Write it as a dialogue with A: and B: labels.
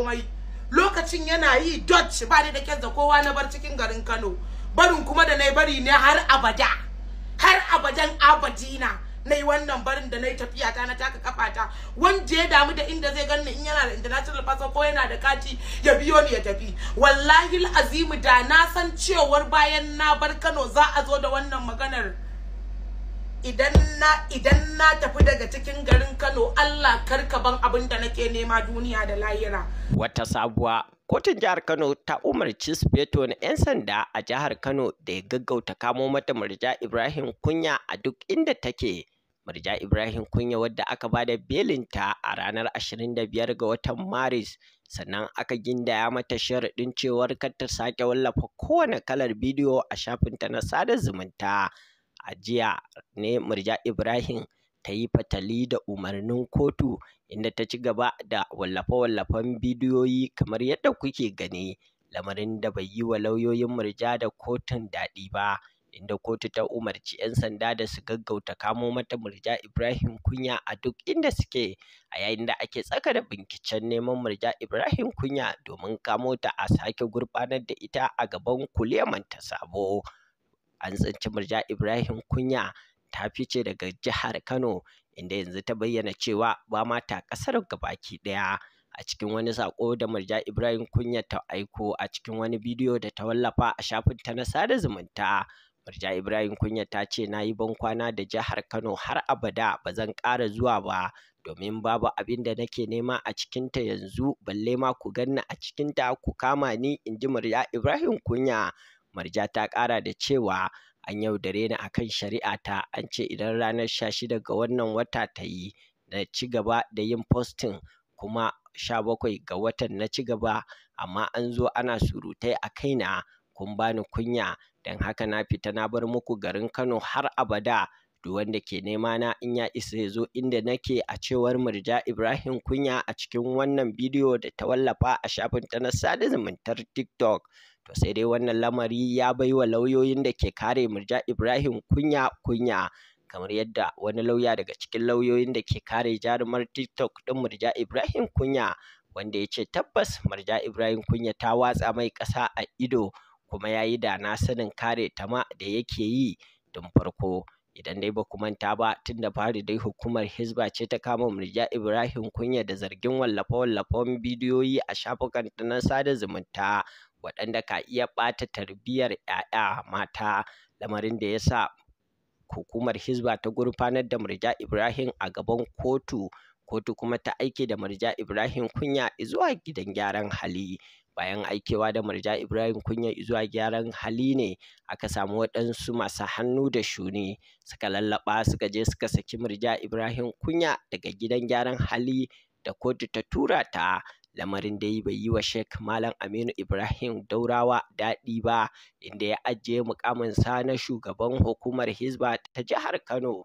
A: komai lokacin yana yi dodge ba ni da kyan kowa na bar cikin garin Kano barin kuma da nayi bari ne har abada har abadan abadina na wannan barin da na yi tafiya ta na taka kafata wanda ya damu da inda zai ganni in yana da international passport ko yana da kati ya biyo ni ya tafi wallahi azimu da na san cewar bayan na bar Kano za a zo da wannan maganar idan na tafi daga cikin garin Kano Allah karka ban abin da nake nema duniya da lahira
B: wata sabuwa kotun jihar Kano ta umarci Sufeto na 'yan sanda a jihar Kano da ya gaggauta kamo mata Murja Ibrahim Kunya a duk inda take Murja Ibrahim Kunya wadda aka bada belinta a ranar 25 ga watan Maris sannan aka gindaya mata sharaɗin cewar kar ta sake wallafa kowane kalar bidiyo a shafinta na sada zumunta a jiya ne murja ibrahim ta yi fatali da umarnin kotu inda ta ci gaba da wallafe-wallafen bidiyoyi kamar yadda kuke gani lamarin da bai yi wa lauyoyin murja da kotun daɗi ba inda kotu ta umarci 'yan sanda da su gaggauta kamo mata murja ibrahim kunya a duk inda suke a yayin da ake tsaka da binciken neman murja ibrahim kunya domin kamo ta a sake gurɓanar da ita a gaban kuleman ta sabo an tsinci Murja Ibrahim Kunya ta fice daga jihar Kano inda yanzu ta bayyana cewa ba ma ta kasar gabaki daya a cikin wani sako da Murja Ibrahim Kunya ta aiko a cikin wani bidiyo da ta wallafa a shafin ta na sada zumunta Murja Ibrahim Kunya ta ce na yi bankwana da jihar Kano har abada ba zan ƙara zuwa ba domin babu abin da nake nema a cikinta yanzu balle ma ku ganni a cikinta ku kama ni in ji Murja Ibrahim Kunya Marja ta ƙara da cewa an yaudare ni kan shari'a ta an ce idan ranar 16 ga wannan wata ta yi na ci da yin posting kuma 17 ga watan na cigaba amma an zo ana surutai a kaina kun bani kunya don haka na fita na bar muku garin Kano har abada duk wanda ke nema na in ya isa ya zo inda nake a cewar Murja Ibrahim Kunya a cikin wannan bidiyo da ta wallafa a shafinta na sada zumuntar TikTok. to sai dai wannan lamari ya bai wa lauyoyin da ke kare murja ibrahim kunya kunya kamar yadda wani lauya daga cikin lauyoyin da ke kare jarumar tiktok ɗin murja ibrahim kunya wanda ya ce tabbas Mirja ibrahim kunya ta watsa mai ƙasa a ido kuma ya yi da na sanin kare ta ma da yake yi tun farko idan dai ba manta ba tun da fari dai hukumar hizba ce ta kama "Mirja ibrahim kunya da zargin wallafa-wallafan bidiyoyi a shafukan na sada zumunta waɗanda ka iya ɓata tarbiyyar ‘ya'ya mata lamarin da ya sa hukumar Hisba ta gurfanar da Murja Ibrahim a gaban kotu kotu kuma ta aike da Murja Ibrahim Kunya zuwa gidan gyaran hali bayan aikewa da Murja Ibrahim Kunya zuwa gyaran hali ne aka samu waɗansu masu hannu da shuni suka lallaɓa suka je suka saki Murja Ibrahim Kunya daga gidan gyaran hali da kotu ta tura ta lamarin dai bai yi wa Sheikh Malam Aminu Ibrahim Daurawa daɗi ba inda ya ajiye muƙaminsa na shugaban hukumar hisba ta jihar Kano